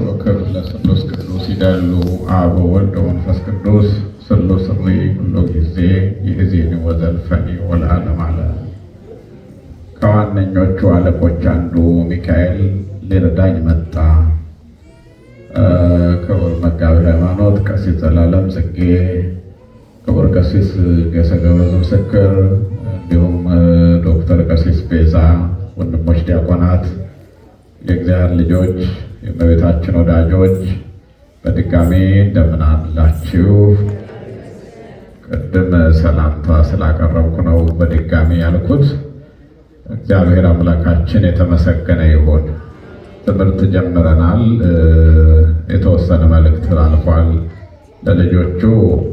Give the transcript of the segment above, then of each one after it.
አስበው ክብር ቅዱስ ይላሉ። አብ ወወልድ ወመንፈስ ቅዱስ ስሉስ ሪ ሁሉ ጊዜ ይእዜኒ ወዘልፈኒ ወለዓለመ ዓለም። ከዋነኞቹ አለቆች አንዱ ሚካኤል ሊረዳኝ መጣ። ክቡር መጋቢ ሃይማኖት ቀሲስ ዘላለም ጽጌ፣ ክቡር ቀሲስ ገሰ ገበዝ ምስክር፣ እንዲሁም ዶክተር ቀሲስ ቤዛ፣ ወንድሞች ዲያቆናት፣ የእግዚአብሔር ልጆች የእመቤታችን ወዳጆች በድጋሜ እንደምን አላችሁ? ቅድም ሰላምታ ስላቀረብኩ ነው በድጋሜ ያልኩት። እግዚአብሔር አምላካችን የተመሰገነ ይሁን። ትምህርት ጀምረናል። የተወሰነ መልእክት አልፏል። ለልጆቹ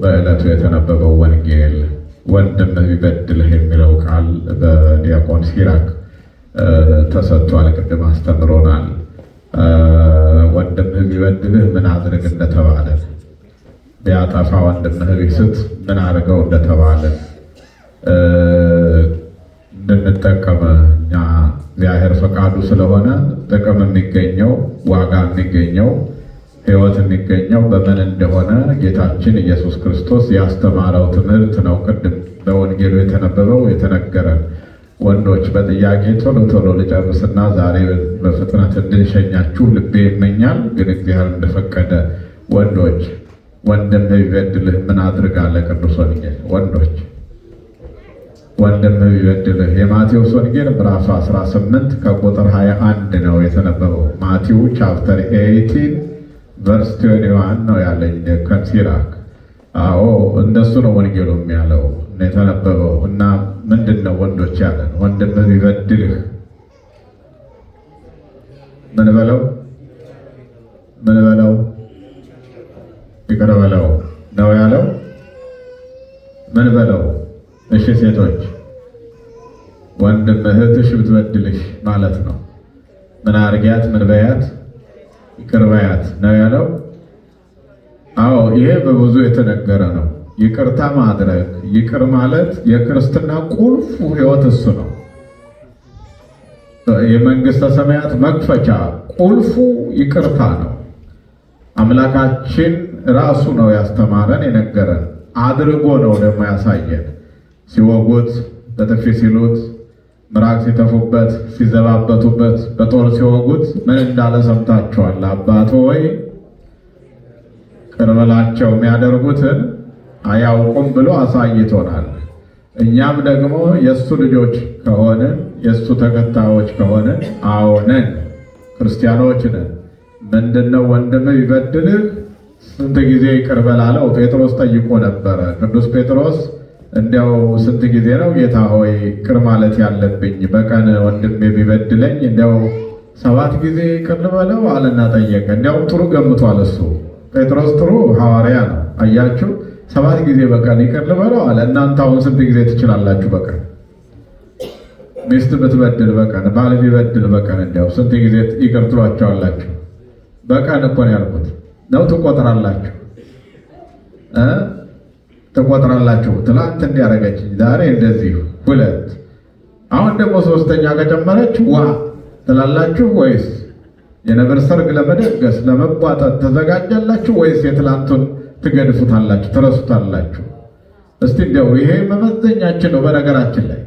በዕለቱ የተነበበው ወንጌል ወንድም ቢበድልህ የሚለው ቃል በዲያቆን ሲራክ ተሰጥቷል። ቅድም አስተምሮናል። ወንድምህ ቢበድልህ ምን አድርግ እንደተባለ፣ ቢያጠፋ ወንድምህ ቢስት ምን አድርገው እንደተባለ እንድንጠቀም እኛ እግዚአብሔር ፈቃዱ ስለሆነ ጥቅም የሚገኘው ዋጋ የሚገኘው ሕይወት የሚገኘው በምን እንደሆነ ጌታችን ኢየሱስ ክርስቶስ ያስተማረው ትምህርት ነው። ቅድም በወንጌሉ የተነበበው የተነገረን ወንዶች በጥያቄ ቶሎ ቶሎ ልጨርስና ዛሬ በፍጥነት እንድንሸኛችሁ ልቤ ይመኛል፣ ግን እግዚአብሔር እንደፈቀደ ወንዶች ወንድም ቢበድልህ ምን አድርጋለ? ቅዱስ ወንጌል ወንዶች ወንድም ቢበድልህ የማቴዎስ ወንጌል ምዕራፍ 18 ከቁጥር 21 ነው የተነበበው። ማቴው ቻፕተር 18 ቨርስ 21 ነው ያለኝ ከንሲራክ። አዎ እንደሱ ነው ወንጌሉ የሚያለው የተነበበው እና ምንድን ነው ወንዶች ያለን ወንድም ቢበድልህ ምን በለው ምን በለው ይቅር በለው ነው ያለው። ምን በለው እሺ፣ ሴቶች ወንድም እህትሽ ብትበድልሽ ማለት ነው። ምን አርጊያት፣ ምን በያት፣ ይቅር በያት ነው ያለው። አዎ ይሄ በብዙ የተነገረ ነው። ይቅርታ ማድረግ ይቅር ማለት የክርስትና ቁልፉ ህይወት እሱ ነው። የመንግስተ ሰማያት መክፈቻ ቁልፉ ይቅርታ ነው። አምላካችን ራሱ ነው ያስተማረን የነገረን፣ አድርጎ ነው ደግሞ ያሳየን። ሲወጉት፣ በጥፊ ሲሉት፣ ምራቅ ሲተፉበት፣ ሲዘባበቱበት፣ በጦር ሲወጉት ምን እንዳለ ሰምታችኋል። አባቶ ወይ ቅርበላቸው የሚያደርጉትን አያውቁም ብሎ አሳይቶናል። እኛም ደግሞ የእሱ ልጆች ከሆንን የእሱ ተከታዮች ከሆንን አዎነን ክርስቲያኖች ነን። ምንድነው ወንድም ይበድልህ ስንት ጊዜ ይቅር በል ጴጥሮስ ጠይቆ ነበረ። ቅዱስ ጴጥሮስ እንዲያው ስንት ጊዜ ነው ጌታ ሆይ ቅር ማለት ያለብኝ? በቀን ወንድሜ ቢበድለኝ እንዲያው ሰባት ጊዜ ይቅር በለው አለና ጠየቀ። እንዲያውም ጥሩ ገምቷል እሱ ጴጥሮስ ጥሩ ሐዋርያ ነው። አያችሁ ሰባት ጊዜ በቀን ይቅር ልበለው አለ። እናንተ አሁን ስንት ጊዜ ትችላላችሁ? በቀን ሚስት ብትበድል በቀን ባል ቢበድል በቀን እንዲያው ስንት ጊዜ ይቅር ትሏቸዋላችሁ? በቀን እኮ ነው ያልኩት። ነው ትቆጥራላችሁ ትቆጥራላችሁ። ትናንት እንዲያረገች ዛሬ እንደዚህ ሁለት፣ አሁን ደግሞ ሶስተኛ ከጨመረች ዋ ትላላችሁ ወይስ የነብር ሰርግ ለመደገስ ለመቧጠጥ ተዘጋጃላችሁ ወይስ የትላንቱን ትገድፉታላችሁ፣ ትረሱታላችሁ። እስቲ እንዲያው ይሄ መመዘኛችን ነው። በነገራችን ላይ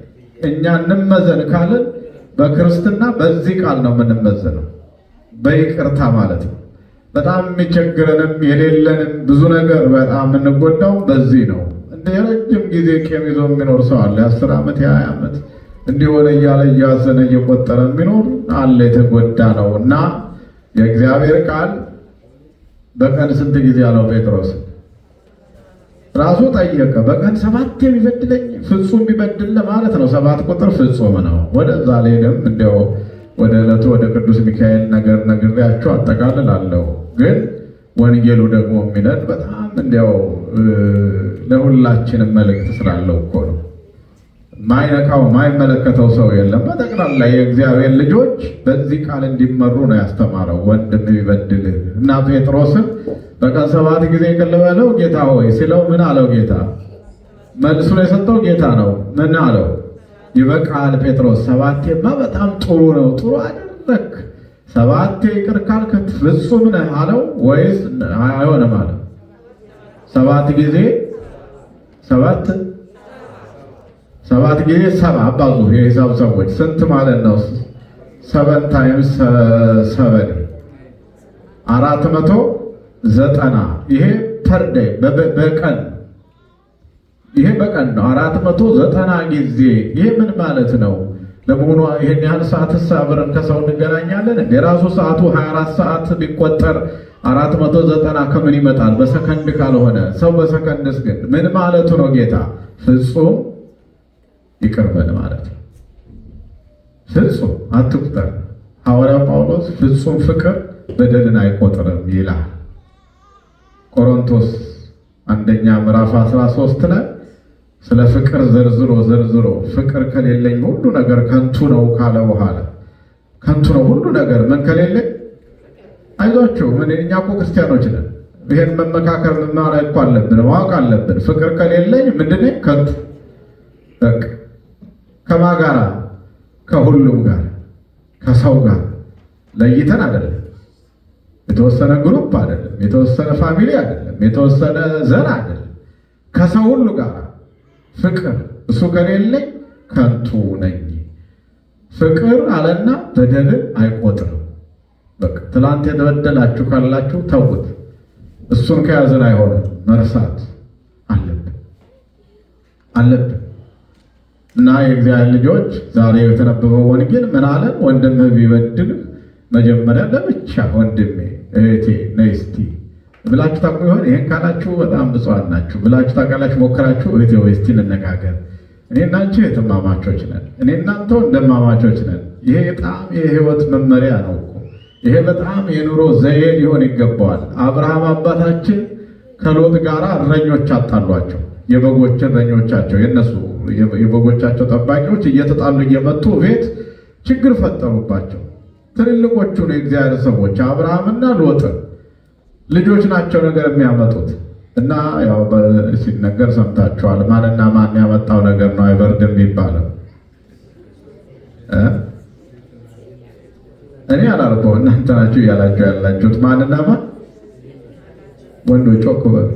እኛ እንመዘን ካልን በክርስትና በዚህ ቃል ነው የምንመዘነው፣ በይቅርታ ማለት ነው። በጣም የሚቸግረንም የሌለንም ብዙ ነገር በጣም የምንጎዳው በዚህ ነው። እንደ የረጅም ጊዜ ቂም ይዞ የሚኖር ሰው አለ። የአስር ዓመት የሀያ ዓመት እንዲሆነ እያለ እያዘነ እየቆጠረ የሚኖር አለ። የተጎዳ ነው እና የእግዚአብሔር ቃል በቀን ስንት ጊዜ አለው ጴጥሮስ ራሱ ጠየቀ። በቀን ሰባት የሚበድለኝ ፍጹም ቢበድል ማለት ነው። ሰባት ቁጥር ፍጹም ነው። ወደዛ ላይም እንዲያው ወደ ዕለቱ ወደ ቅዱስ ሚካኤል ነገር ነግሬያቸው አጠቃልላለሁ። ግን ወንጌሉ ደግሞ የሚለን በጣም እንዲያው ለሁላችንም መልእክት ስላለው እኮ ነው። ማይነካው ማይመለከተው ሰው የለም። በጠቅላላ የእግዚአብሔር ልጆች በዚህ ቃል እንዲመሩ ነው ያስተማረው። ወንድም ይበድል እና ጴጥሮስን በቀን ሰባት ጊዜ ቅል በለው ጌታ ሆይ ሲለው ምን አለው? ጌታ መልሱ መልሱን የሰጠው ጌታ ነው። ምን አለው? ይበቃል ጴጥሮስ፣ ሰባቴማ በጣም ጥሩ ነው፣ ጥሩ አደረክ። ሰባቴ ይቅር ካልክ ፍጹም ነህ አለው ወይስ አይሆንም አለ? ሰባት ጊዜ ሰባት ሰባት ጊዜ ሰባ አባዙ የሂሳብ ሰዎች ስንት ማለት ነው? ሰቨን ታይምስ ሰቨን አራት መቶ ዘጠና ይሄ ፐርደይ በቀን ይሄ በቀን ነው። አራት መቶ ዘጠና ጊዜ ይሄ ምን ማለት ነው? ለመሆኑ ይሄን ያህል ሰዓት አብረን ከሰው እንገናኛለን? የራሱ ሰዓቱ 24 ሰዓት ቢቆጠር 490 ከምን ይመጣል? በሰከንድ ካልሆነ ሰው በሰከንድስ ግን ምን ማለቱ ነው ጌታ ፍጹም ይቅር ማለት ነው። ፍጹም አትቁጠር። ሐዋርያ ጳውሎስ ፍጹም ፍቅር በደልን አይቆጥርም ይላል። ቆሮንቶስ አንደኛ ምዕራፍ 13 ላይ ስለ ፍቅር ዘርዝሮ ዘርዝሮ ፍቅር ከሌለኝ ሁሉ ነገር ከንቱ ነው ካለ በኋላ ከንቱ ነው ሁሉ ነገር ምን ከሌለኝ አይዟቸው ምን እኛ እኮ ክርስቲያኖች ነን። ይሄን መመካከር መማር እኮ አለብን፣ ማወቅ አለብን። ፍቅር ከሌለኝ ምንድን ከንቱ በቃ ከማ ከሁሉም ጋር ከሰው ጋር ለይተን አይደለም። የተወሰነ ግሩፕ አይደለም፣ የተወሰነ ፋሚሊ አይደለም፣ የተወሰነ ዘር አይደለም። ከሰው ሁሉ ጋር ፍቅር እሱ ከሌለኝ ከንቱ ነኝ። ፍቅር አለና በደልን አይቆጥርም። በቃ ትላንት የተበደላችሁ ካላችሁ ተውት። እሱን ከያዝን አይሆንም። መርሳት አለብን አለብን እና የእግዚአብሔር ልጆች ዛሬ የተነበበው ወንጌል ምን አለ? ወንድም ቢበድል መጀመሪያ ለብቻ ወንድሜ እህቴ ነይ እስቲ ብላችሁ ታቁ ይሆን? ይህን ካላችሁ በጣም ብፁዓን ናችሁ ብላችሁ ታውቃላችሁ። ሞከራችሁ? እህቴ ወይ እስቲ እንነጋገር፣ እኔ እናንቺ እህትማማቾች ነን፣ እኔ እናንተ ወንድማማቾች ነን። ይሄ በጣም የህይወት መመሪያ ነው እኮ ይሄ በጣም የኑሮ ዘዬ ሊሆን ይገባዋል። አብርሃም አባታችን ከሎጥ ጋር እረኞች አጣሏቸው፣ የበጎችን እረኞቻቸው የነሱ የበጎቻቸው ጠባቂዎች እየተጣሉ እየመጡ ቤት ችግር ፈጠሩባቸው። ትልልቆቹን የእግዚአብሔር ሰዎች አብርሃምና ሎጥን ልጆች ናቸው ነገር የሚያመጡት እና ያው ሲነገር ሰምታችኋል። ማንና ማን ያመጣው ነገር ነው አይበርድም የሚባለው። እኔ አላልከው እናንተ ናችሁ እያላችሁ ያላችሁት ማንና ማን ወንዶ ጮክ በሉ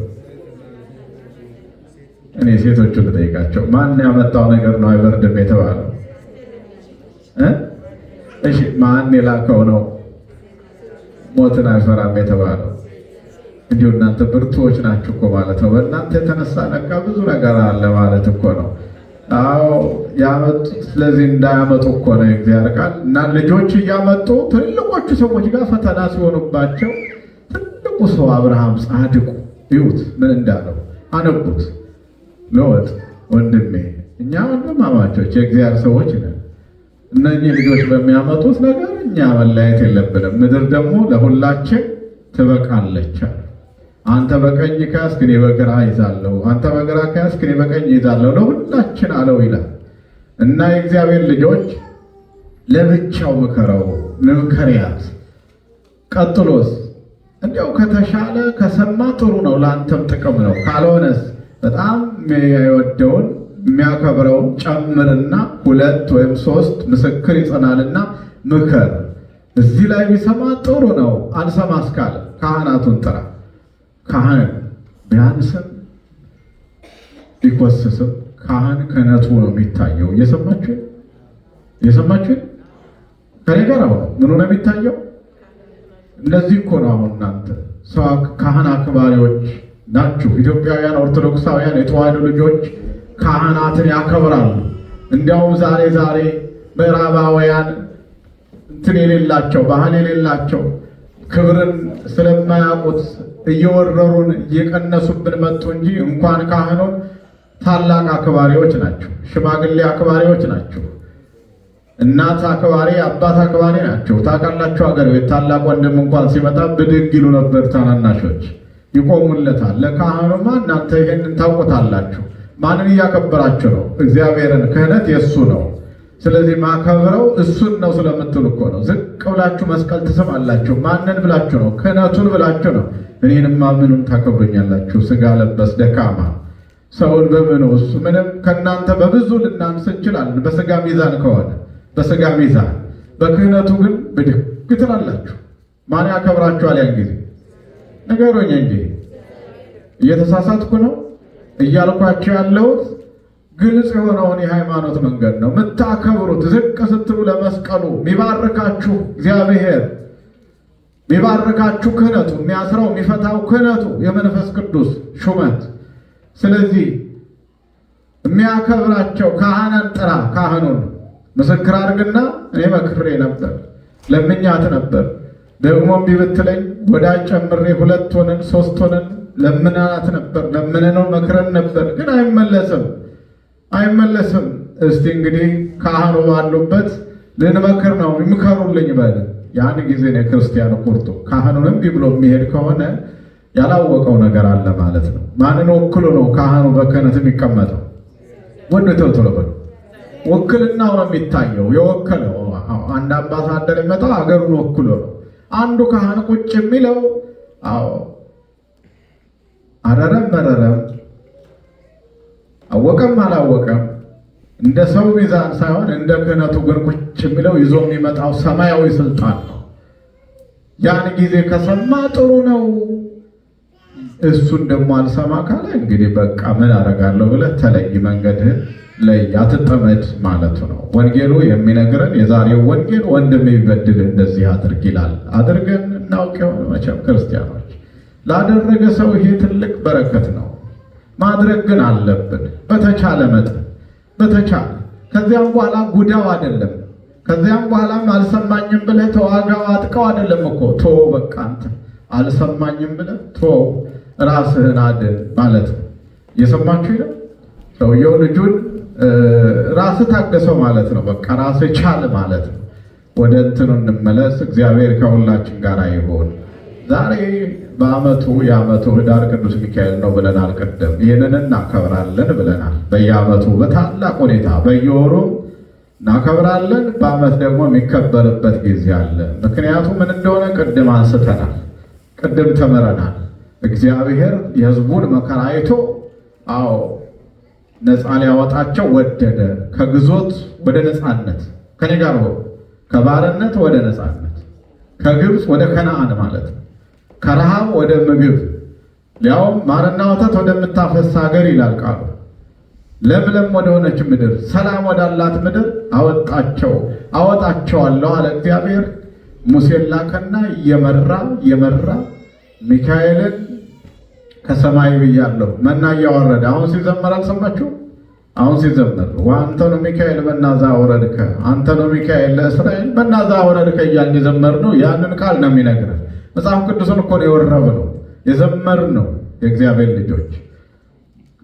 እኔ ሴቶቹ ልጠይቃቸው፣ ማን ያመጣው ነገር ነው አይበርድም የተባለው? እሺ ማን የላከው ነው ሞትን አይፈራም የተባለው? እንዲሁ እናንተ ብርቱዎች ናችሁ እኮ ማለት ነው። በእናንተ የተነሳ ነቃ ብዙ ነገር አለ ማለት እኮ ነው። አዎ ያመጡ። ስለዚህ እንዳያመጡ እኮ ነው እግዚአብሔር ቃል እና ልጆች እያመጡ ትልቆቹ ሰዎች ጋር ፈተና ሲሆኑባቸው ትልቁ ሰው አብርሃም ጻድቁ ይዩት ምን እንዳለው አነቡት ለወጥ ወንድሜ እኛ ወንድማማቾች የእግዚአብሔር ሰዎች ነን። እነኚህ ልጆች በሚያመጡት ነገር እኛ መለያየት የለብንም። ምድር ደግሞ ለሁላችን ትበቃለች። አንተ በቀኝ ከያዝክ እኔ በግራ ይዛለሁ፣ አንተ በግራ ከያዝክ እኔ በቀኝ ይዛለሁ፣ ለሁላችን አለው ይላል እና የእግዚአብሔር ልጆች ለብቻው ምከረው ንምከርያት ቀጥሎስ እንዲያው ከተሻለ ከሰማ ጥሩ ነው፣ ለአንተም ጥቅም ነው። ካልሆነስ በጣም የሚወደውን የሚያከብረውን ጨምርና ሁለት ወይም ሶስት ምስክር ይጸናልና ምከር። እዚህ ላይ ቢሰማ ጥሩ ነው። አልሰማ እስካለ ካህናቱን ጥራ። ካህን ቢያንስም ቢኮስስም ካህን ክህነቱ ነው የሚታየው። እየሰማችሁ እየሰማችሁ ከኔ ጋር አሁን ምኑ ነው የሚታየው? እነዚህ እኮ ነው። አሁን እናንተ ሰው ካህን አክባሪዎች ናችሁ። ኢትዮጵያውያን ኦርቶዶክሳውያን የተዋሕዶ ልጆች ካህናትን ያከብራሉ። እንዲያውም ዛሬ ዛሬ ምዕራባውያን እንትን የሌላቸው ባህል የሌላቸው ክብርን ስለማያውቁት እየወረሩን እየቀነሱብን መጡ እንጂ እንኳን ካህኑ ታላቅ አክባሪዎች ናቸው። ሽማግሌ አክባሪዎች ናቸው። እናት አክባሪ፣ አባት አክባሪ ናቸው። ታውቃላችሁ፣ ሀገር ቤት ታላቅ ወንድም እንኳን ሲመጣ ብድግ ይሉ ነበር ታናናሾች። ይቆሙለታል። ለካህኑማ እናንተ ይሄንን ታውቁታላችሁ። ማንን እያከበራችሁ ነው? እግዚአብሔርን። ክህነት የእሱ ነው። ስለዚህ ማከብረው እሱን ነው ስለምትል እኮ ነው። ዝቅ ብላችሁ መስቀል ትስማላችሁ። ማንን ብላችሁ ነው? ክህነቱን ብላችሁ ነው። እኔንማ ምንም ታከብሩኛላችሁ። ስጋ ለበስ ደካማ ሰውን በምኑ እሱ ምንም ከእናንተ በብዙ ልናንስ እንችላለን። በስጋ ሚዛን ከሆነ በስጋ ሚዛን፣ በክህነቱ ግን ብድግ ትላላችሁ። ማን ያከብራችኋል ያን ጊዜ ንገሩኝ እንጂ እየተሳሳትኩ ነው? እያልኳቸው ያለሁት ግልጽ የሆነውን የሃይማኖት መንገድ ነው የምታከብሩት። ዝቅ ስትሉ ለመስቀሉ የሚባርካችሁ እግዚአብሔር የሚባርካችሁ ክህነቱ፣ የሚያስረው የሚፈታው ክህነቱ የመንፈስ ቅዱስ ሹመት። ስለዚህ የሚያከብራቸው ካህናን ጥራ። ካህኑን ምስክር አድርግና እኔ መክሬ ነበር ለምኛት ነበር ደግሞ ቢብትለኝ ወዳጅ ጨምሬ ሁለት ሆነን ሶስት ሆነን ለምናት ነበር ለምንነው መክረን ነበር፣ ግን አይመለስም አይመለስም። እስቲ እንግዲህ ካህኑ ባሉበት ልንመክር ነው ይምከሩልኝ በል። ያን ጊዜ ነው የክርስቲያኑ ቁርጡ። ካህኑንም ቢብሎ የሚሄድ ከሆነ ያላወቀው ነገር አለ ማለት ነው። ማንን ወክሎ ነው ካህኑ በክህነት የሚቀመጠው? ወንድ ተውትሎ በሉ ውክልናው ነው የሚታየው። የወከለው አንድ አምባሳደር የመጣው አገሩን ወክሎ ነው። አንዱ ካህን ቁጭ የሚለው አዎ አረረም መረረም አወቀም አላወቀም እንደ ሰው ሚዛን ሳይሆን እንደ ክህነቱ ግን ቁጭ የሚለው ይዞ የሚመጣው ሰማያዊ ስልጣን ነው። ያን ጊዜ ከሰማ ጥሩ ነው። እሱን ደግሞ አልሰማ ካለ እንግዲህ በቃ ምን አደርጋለሁ ብለህ ተለይ መንገድህን ላይ አትጠመድ ማለቱ ነው። ወንጌሉ የሚነግረን የዛሬው ወንጌል ወንድም ይበድል እንደዚህ አድርግ ይላል። አድርገን እናውቅ የሆነ መቼም ክርስቲያኖች ላደረገ ሰው ይሄ ትልቅ በረከት ነው። ማድረግ ግን አለብን በተቻለ መጠን በተቻለ ከዚያም በኋላ ጉዳው አይደለም። ከዚያም በኋላም አልሰማኝም ብለህ ተዋጋው አጥቀው አይደለም እኮ ቶ በቃ አንተ አልሰማኝም ብለህ ቶ ራስህን አድን ማለት ነው። እየሰማችሁ ይላል ሰውየው ልጁን ራስ ታገሰው ማለት ነው። በቃ ራስ ቻል ማለት ነው። ወደ እንትኑ እንመለስ። እግዚአብሔር ከሁላችን ጋር ይሆን። ዛሬ በአመቱ የአመቱ ህዳር ቅዱስ ሚካኤል ነው ብለናል። ቅድም ይህንን እናከብራለን ብለናል። በየአመቱ በታላቅ ሁኔታ በየወሩ እናከብራለን። በአመት ደግሞ የሚከበርበት ጊዜ አለ። ምክንያቱ ምን እንደሆነ ቅድም አንስተናል፣ ቅድም ተምረናል። እግዚአብሔር የህዝቡን መከራ አይቶ አዎ ነፃ ሊያወጣቸው ወደደ። ከግዞት ወደ ነፃነት ከኔ ጋር ሆኖ ከባርነት ወደ ነፃነት ከግብፅ ወደ ከነአን ማለት ነው። ከረሃብ ወደ ምግብ ሊያውም ማርና ወተት ወደምታፈስ ሀገር ይላል ቃሉ። ለምለም ወደሆነች ምድር፣ ሰላም ወዳላት ምድር አወጣቸው አወጣቸዋለሁ አለ እግዚአብሔር። ሙሴን ላከና እየመራ እየመራ ሚካኤልን ከሰማይ ብያለሁ መና እያወረደ አሁን ሲዘመር አልሰማችሁ? አሁን ሲዘመር ወአንተ ነው ሚካኤል መናዛ ወረድከ አንተ ነው ሚካኤል ለእስራኤል መናዛ ወረድከ እያልን የዘመር ነው። ያንን ቃል ነው የሚነግረን። መጽሐፍ ቅዱስን እኮ ነው የወረብ ነው የዘመር ነው። የእግዚአብሔር ልጆች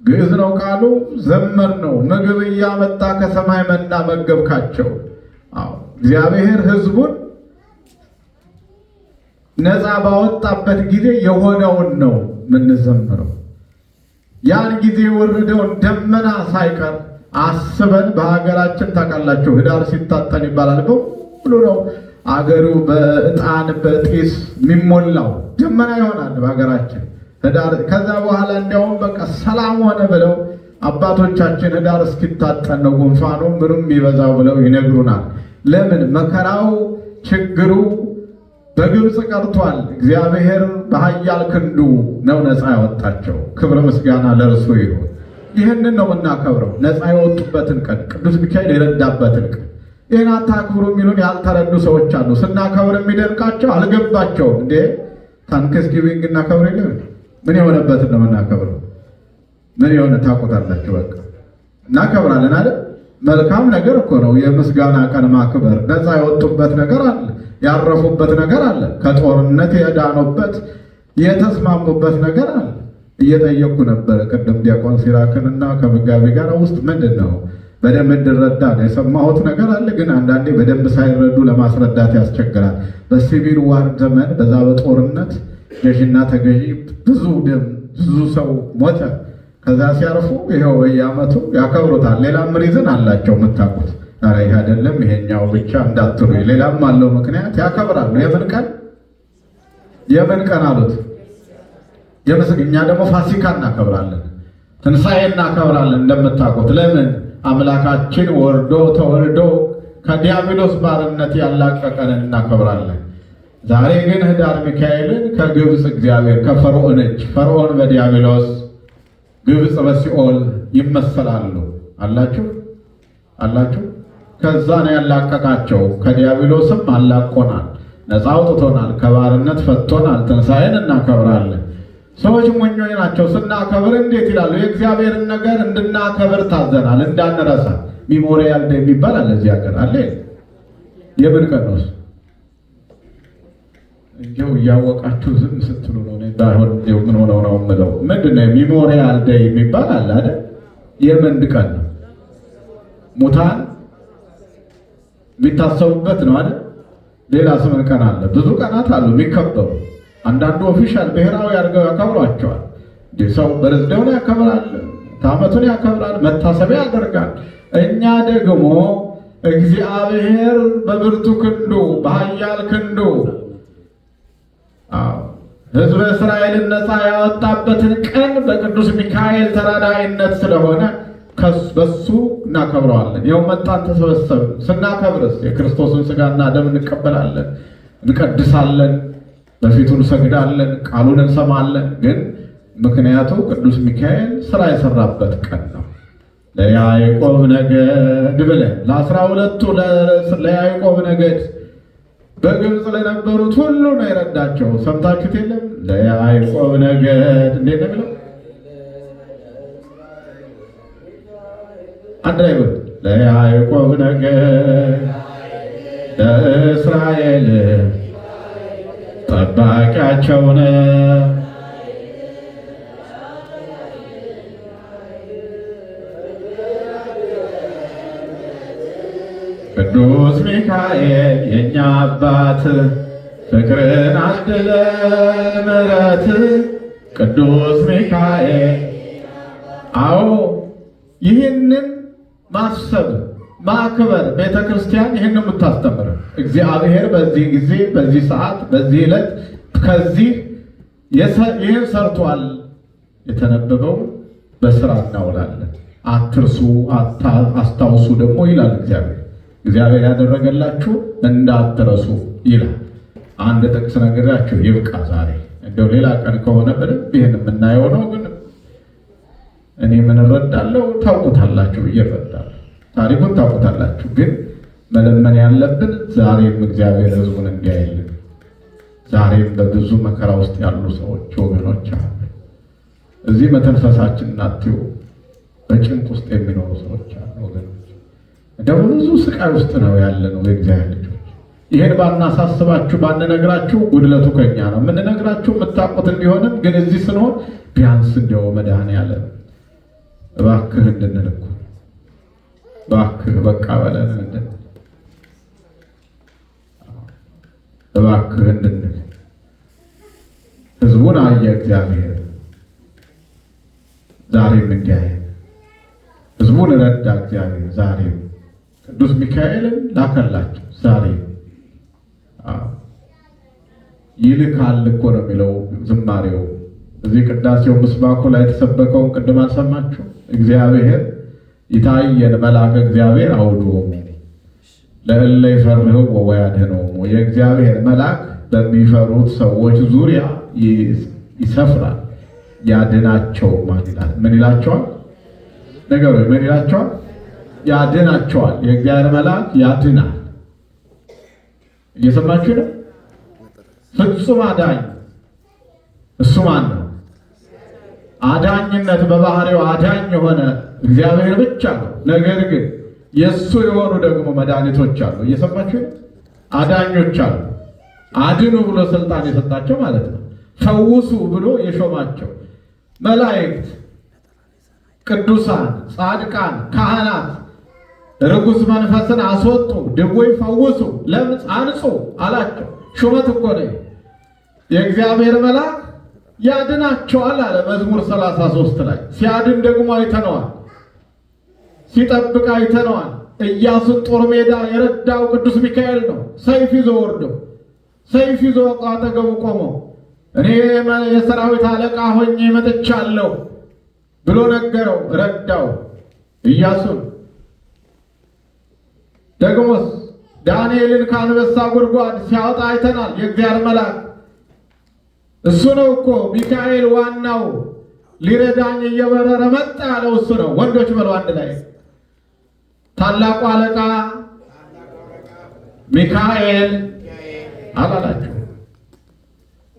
ግዕዝ ነው ቃሉ። ዘመር ነው ምግብ እያመጣ ከሰማይ መና መገብካቸው። እግዚአብሔር ህዝቡን ነፃ ባወጣበት ጊዜ የሆነውን ነው የምንዘምረው። ያን ጊዜ ወረደውን ደመና ሳይቀር አስበን በሀገራችን ታውቃላችሁ፣ ህዳር ሲታጠን ይባላል። በሙሉ ነው አገሩ በእጣን በጢስ የሚሞላው ደመና ይሆናል በሀገራችን ህዳር። ከዛ በኋላ እንዲያውም በቃ ሰላም ሆነ ብለው አባቶቻችን ህዳር እስኪታጠን ነው ጉንፋኑ ምኑም ይበዛው ብለው ይነግሩናል። ለምን መከራው ችግሩ በግብፅ ቀርቷል። እግዚአብሔር በኃያል ክንዱ ነው ነፃ ያወጣቸው። ክብረ ምስጋና ለእርሱ ይሁን። ይህንን ነው የምናከብረው፣ ነፃ የወጡበትን ቀን፣ ቅዱስ ሚካኤል የረዳበትን ቀን። ይህን አታክብሩ የሚሉን ያልተረዱ ሰዎች አሉ። ስናከብር የሚደንቃቸው አልገባቸውም። እንዴ ታንክስ ጊቪንግ እናከብር የለም ምን የሆነበትን ነው የምናከብረው? ምን የሆነ ታቆታላቸው በቃ እናከብራለን አይደል መልካም ነገር እኮ ነው። የምስጋና ቀን ማክበር ነፃ የወጡበት ነገር አለ፣ ያረፉበት ነገር አለ፣ ከጦርነት የዳኑበት የተስማሙበት ነገር አለ። እየጠየኩ ነበር ቅድም ዲያቆን ሲራክን እና ከመጋቢ ጋር ውስጥ ምንድን ነው በደንብ እንድረዳ ነው የሰማሁት ነገር አለ። ግን አንዳንዴ በደንብ ሳይረዱ ለማስረዳት ያስቸግራል። በሲቪል ዋር ዘመን በዛ በጦርነት ገዥና ተገዢ ብዙ ደም ብዙ ሰው ሞተ። ከዛ ሲያርፉ ይኸው በየአመቱ ያከብሩታል። ሌላም ሪዝን አላቸው የምታውቁት። ኧረ ይህ አይደለም ይሄኛው ብቻ እንዳትሉኝ፣ ሌላም አለው ምክንያት ያከብራሉ። የምን ቀን የምን ቀን አሉት። የምስግኛ ደግሞ ፋሲካ እናከብራለን፣ ትንሣኤ እናከብራለን እንደምታውቁት። ለምን አምላካችን ወርዶ ተወልዶ ከዲያብሎስ ባርነት ያላቀቀንን እናከብራለን። ዛሬ ግን ህዳር ሚካኤልን ከግብፅ እግዚአብሔር ከፈርዖን እጅ ፈርዖን በዲያብሎስ በብጽበ ይመሰላሉ አላችሁ አላችሁ። ከዛ ነው ያላቀቃቸው። ከዲያብሎስም አላቆናል፣ ነፃ አውጥቶናል፣ ከባርነት ፈቶናል። ትንሣኤን እናከብራለን። ሰዎች ሞኞች ናቸው። ስናከብር እንዴት ይላሉ? የእግዚአብሔርን ነገር እንድናከብር ታዘናል፣ እንዳንረሳ ሚሞሪያል የሚባል አለ እዚህ ሀገር አለ። የምን ቀን ነው? እንዲው እያወቃችሁ ዝም ስትሉ ነው። ባይሆን እንዲው ምን ሆነው ነው የምለው። ምንድን ነው ሚሞሪያል ደይ የሚባል አለ አይደል? የመንድ ቀን ነው። ሙታን የሚታሰቡበት ነው አይደል? ሌላ ስምን ቀን አለ። ብዙ ቀናት አሉ የሚከበሩ። አንዳንዱ ኦፊሻል ብሔራዊ አድርገው ያከብሯቸዋል። ሰው በርዝዴውን ያከብራል፣ ታመቱን ያከብራል፣ መታሰቢያ ያደርጋል። እኛ ደግሞ እግዚአብሔር በብርቱ ክንዱ በኃያል ክንዱ ሕዝበ እስራኤልን ነፃ ያወጣበትን ቀን በቅዱስ ሚካኤል ተራዳይነት ስለሆነ በሱ እናከብረዋለን። ይኸው መጣን፣ ተሰበሰብ ስናከብርስ የክርስቶስን ሥጋና ደም እንቀበላለን፣ እንቀድሳለን፣ በፊቱ እንሰግዳለን፣ ቃሉን እንሰማለን። ግን ምክንያቱ ቅዱስ ሚካኤል ስራ የሰራበት ቀን ነው። ለያዕቆብ ነገድ ብለን ለአስራ ሁለቱ ለያዕቆብ ነገድ በግብፅ ለነበሩት ሁሉ ነው የረዳቸው። ሰምታችሁት የለም ለያዕቆብ ነገድ እንዴት ነው የሚለው? አንድ ላይ ለያዕቆብ ነገድ ለእስራኤል ጠባቂያቸው ነው። ቅዱስ ሚካኤል የእኛ አባት ፍቅርን አድለን ምረት ቅዱስ ሚካኤል። አዎ ይህንን ማሰብ ማክበር ቤተ ክርስቲያን ይህን የምታስተምር እግዚአብሔር በዚህ ጊዜ በዚህ ሰዓት በዚህ ዕለት ከዚህ ይህን ሰርቷል የተነበበው በስራ እናውላለን። አትርሱ አስታውሱ ደግሞ ይላል እግዚአብሔር። እግዚአብሔር ያደረገላችሁ እንዳትረሱ ይላል። አንድ ጥቅስ ነገራችሁ ይብቃ ዛሬ። እንደው ሌላ ቀን ከሆነ በደንብ ይህን የምናየው ነው። ግን እኔ ምን እረዳለሁ ታውቁታላችሁ፣ እየረዳለሁ ታሪኩን ታውቁታላችሁ። ግን መለመን ያለብን ዛሬም እግዚአብሔር ሕዝቡን እንዲያይልን። ዛሬም በብዙ መከራ ውስጥ ያሉ ሰዎች ወገኖች አሉ። እዚህ መተንፈሳችን ናትው በጭንቅ ውስጥ የሚኖሩ በብዙ ስቃይ ውስጥ ነው ያለ ነው የእግዚአብሔር ልጆች። ይህን ባናሳስባችሁ ባንነግራችሁ ጉድለቱ ከኛ ነው። የምንነግራችሁ የምታውቁትን እንዲሆንም ግን እዚህ ስንሆን ቢያንስ እንዲያው መድኃኔዓለም እባክህ እንድንል እኮ እባክህ በቃ በለን እንድን እባክህ እንድንል ህዝቡን አየ እግዚአብሔር። ዛሬም እንዲያየ ህዝቡን ረዳ እግዚአብሔር ዛሬም ቅዱስ ሚካኤልን ላከላቸው። ዛሬ ይልካል እኮ ነው የሚለው ዝማሬው። እዚህ ቅዳሴው ምስባኩ ላይ የተሰበከውን ቅድም አልሰማችሁ? እግዚአብሔር ይታየን መልአከ እግዚአብሔር አውዶ ለእለ ይፈርህው ወያድኅኖሙ የእግዚአብሔር መልአክ በሚፈሩት ሰዎች ዙሪያ ይሰፍራል ያድናቸው። ማን ይላል? ምን ይላቸዋል? ነገሮች ምን ይላቸዋል? ያድናቸዋል። የእግዚአብሔር መልአክ ያድናል። እየሰማችሁ ነው። ፍጹም አዳኝ እሱ ማን ነው? አዳኝነት በባህሪው አዳኝ የሆነ እግዚአብሔር ብቻ ነው። ነገር ግን የእሱ የሆኑ ደግሞ መድኃኒቶች አሉ። እየሰማችሁ አዳኞች አሉ። አድኑ ብሎ ስልጣን የሰጣቸው ማለት ነው። ፈውሱ ብሎ የሾማቸው መላእክት፣ ቅዱሳን፣ ጻድቃን፣ ካህናት ርኩስ መንፈስን አስወጡ፣ ድዌ ፈውሱ፣ ለምጽ አንጹ አላቸው። ሹመት እኮ ነው። የእግዚአብሔር መልአክ ያድናቸዋል አለ መዝሙር 33 ላይ። ሲያድን ደግሞ አይተነዋል፣ ሲጠብቅ አይተነዋል። እያሱን ጦር ሜዳ የረዳው ቅዱስ ሚካኤል ነው። ሰይፍ ይዞ ወርዶ ሰይፍ ይዞ አጠገቡ ቆሞ እኔ የሰራዊት አለቃ ሆኜ መጥቻለሁ ብሎ ነገረው፣ ረዳው እያሱን። ደግሞስ ዳንኤልን ከአንበሳ ጉድጓድ ሲያወጣ አይተናል። የእግዚአብሔር መልአክ እሱ ነው እኮ ሚካኤል ዋናው ሊረዳኝ እየበረረ መጣ ያለው እሱ ነው። ወንዶች በሉ አንድ ላይ ታላቁ አለቃ ሚካኤል አላላችሁ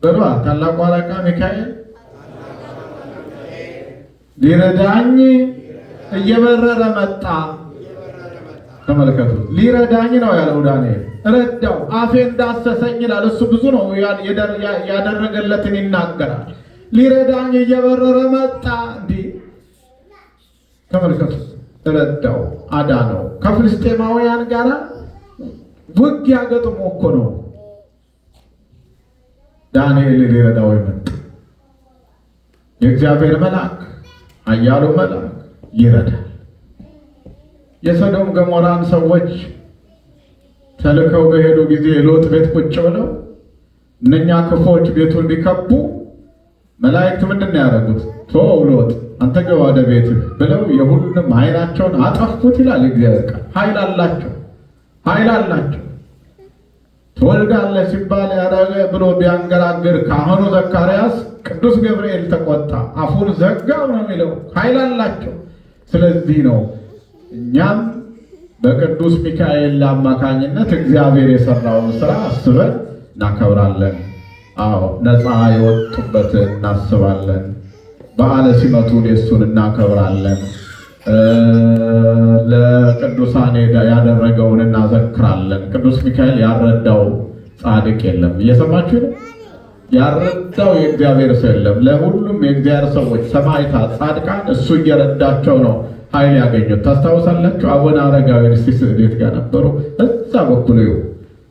በሏ። ታላቁ አለቃ ሚካኤል ሊረዳኝ እየበረረ መጣ ተመልከቱ። ሊረዳኝ ነው ያለው ዳንኤል ረዳው፣ አፌ እንዳሰሰኝ ይላል። እሱ ብዙ ነው ያደረገለትን ይናገራል። ሊረዳኝ እየበረረ መጣ። እንዲህ ተመልከቱ። ረዳው፣ አዳነው። ከፍልስጤማውያን ጋር ውጊያ ገጥሞ እኮ ነው ዳንኤል ሊረዳው የመጣ የእግዚአብሔር መልአክ፣ አያሉ መልአክ ይረዳል። የሰዶም ገሞራን ሰዎች ተልከው በሄዱ ጊዜ ሎጥ ቤት ቁጭ ብለው እነኛ ክፎች ቤቱን ቢከቡ መላእክት ምንድን ነው ያደረጉት? ተው ሎጥ አንተ ግባ ወደ ቤትህ ብለው የሁሉንም ኃይላቸውን አጠፉት ይላል እግዚአብሔር ቃል። ኃይል አላቸው፣ ኃይል አላቸው። ትወልዳለህ ሲባል ያደረገ ብሎ ቢያንገራግር ካህኑ ዘካርያስ ቅዱስ ገብርኤል ተቆጣ፣ አፉን ዘጋው ነው የሚለው። ኃይል አላቸው። ስለዚህ ነው እኛም በቅዱስ ሚካኤል አማካኝነት እግዚአብሔር የሰራውን ስራ አስበን እናከብራለን። አዎ ነፃ የወጡበትን እናስባለን። በዓለ ሲመቱን የሱን እናከብራለን። ለቅዱሳን ያደረገውን እናዘክራለን። ቅዱስ ሚካኤል ያረዳው ጻድቅ የለም። እየሰማችሁ ያረዳው የእግዚአብሔር ሰው የለም። ለሁሉም የእግዚአብሔር ሰዎች ሰማዕታት፣ ጻድቃን እሱ እየረዳቸው ነው። ኃይል ያገኘት ታስታውሳላችሁ። አቡነ አረጋዊ እስቲ ስዕሌት ጋር ነበሩ። እዛ በኩል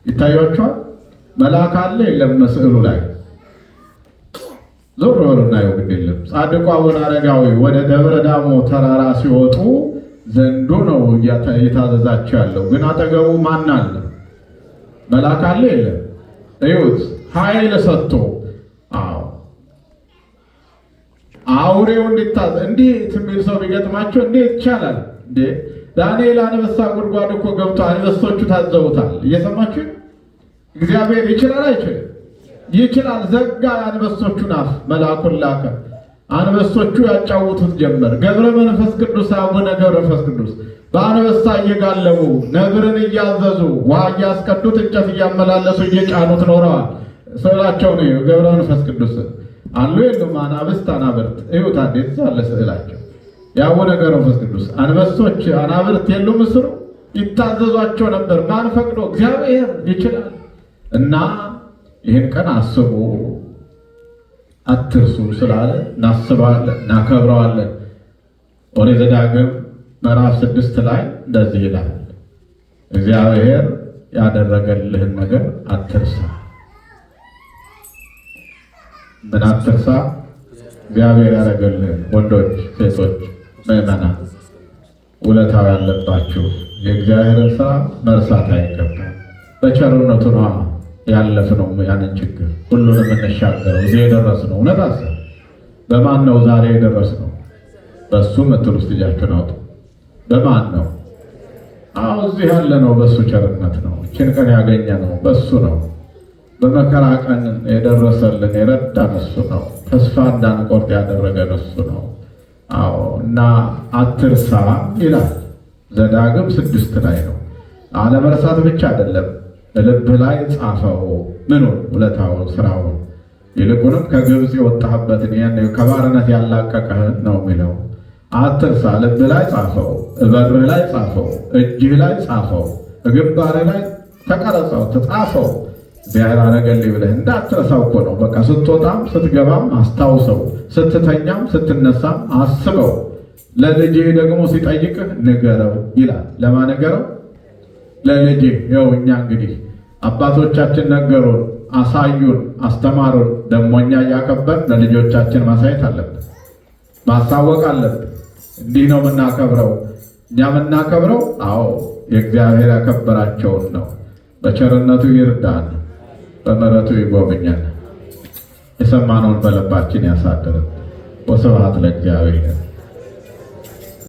ይታያቸዋል። መልአክ አለ የለም ስዕሉ ላይ ዞር በሉ እናየው፣ ግድ የለም። ጻድቁ አቡነ አረጋዊ ወደ ደብረ ዳሞ ተራራ ሲወጡ ዘንዶ ነው እየታዘዛቸው ያለው፣ ግን አጠገቡ ማን አለ? መልአክ አለ የለም? እዩት ኃይል ሰጥቶ አውሬው እንዲታዘ እንዴት የሚል ሰው ቢገጥማቸው እንዴት ይቻላል እንዴ? ዳንኤል አንበሳ ጉድጓድ እኮ ገብቶ አንበሶቹ ታዘውታል። እየሰማችሁ እግዚአብሔር ይችላል አይችልም? ይችላል። ዘጋ አንበሶቹን አፍ መልአኩን ላከ። አንበሶቹ ያጫውቱት ጀመር። ገብረ መንፈስ ቅዱስ አቡነ ገብረ መንፈስ ቅዱስ በአንበሳ እየጋለቡ ነብርን እያዘዙ ውሃ እያስቀዱት እንጨት እያመላለሱ እየጫኑት ኖረዋል። ስዕላቸው ነው ገብረ መንፈስ ቅዱስ አሉ የሉም አናብስት አናብርት እዩታ እንዴት ያለ ስዕላቸው ያው ነገር መንፈስ ቅዱስ አንበሶች አናብርት የሉም እስሩ ይታዘዟቸው ነበር። ማን ፈቅዶ? እግዚአብሔር ይችላል። እና ይህን ቀን አስቡ አትርሱ ስላለ እናስበዋለን፣ እናከብረዋለን። ኦሪት ዘዳግም ምዕራፍ ስድስት ላይ እንደዚህ ይላል፣ እግዚአብሔር ያደረገልህን ነገር አትርሳ። ምን አትርሳ እግዚአብሔር ያደረገልን ወንዶች፣ ሴቶች፣ ምእመና ውለታው ያለባችሁ የእግዚአብሔርን ስራ መርሳት አይገባም። በቸርነቱ ነዋ ያለፍነው ያንን ችግር ሁሉንም እንሻገረው እዚህ የደረስነው እውነት አሰ በማን ነው ዛሬ የደረስነው? በእሱ ምትል ውስጥ እጃችሁን አውጡ። በማን ነው? አዎ እዚህ ያለነው በእሱ ቸርነት ነው። እችን ቀን ነው በእሱ ነው። በመከራ ቀን የደረሰልን የረዳን እሱ ነው። ተስፋ እንዳንቆርጥ ያደረገን እሱ ነው። አዎ እና አትርሳ ይላል ዘዳግም ስድስት ላይ ነው። አለመርሳት ብቻ አይደለም ልብ ላይ ጻፈው። ምኑ ውለታውን፣ ስራውን ይልቁንም ከግብፅ የወጣህበትን ከባርነት ያላቀቀህን ነው የሚለው። አትርሳ፣ ልብ ላይ ጻፈው፣ እበርህ ላይ ጻፈው፣ እጅህ ላይ ጻፈው፣ ግንባርህ ላይ ተቀረጸው፣ ተጻፈው እግዚአብሔር አረገልኝ ብለህ እንዳትረሳው እኮ ነው። በቃ ስትወጣም ስትገባም አስታውሰው፣ ስትተኛም ስትነሳም አስበው። ለልጄ ደግሞ ሲጠይቅህ ንገረው ይላል። ለማ ነገረው ለልጄ ይኸው እኛ እንግዲህ አባቶቻችን ነገሩን፣ አሳዩን፣ አስተማሩን። ደግሞ እኛ እያከበር ለልጆቻችን ማሳየት አለብን፣ ማሳወቅ አለብን። እንዲህ ነው የምናከብረው እኛ የምናከብረው አዎ፣ የእግዚአብሔር ያከበራቸውን ነው። በቸርነቱ ይርዳን። በምሕረቱ ይጎብኛል። የሰማነውን በልባችን ያሳድርም። ወስብሐት ለእግዚአብሔር።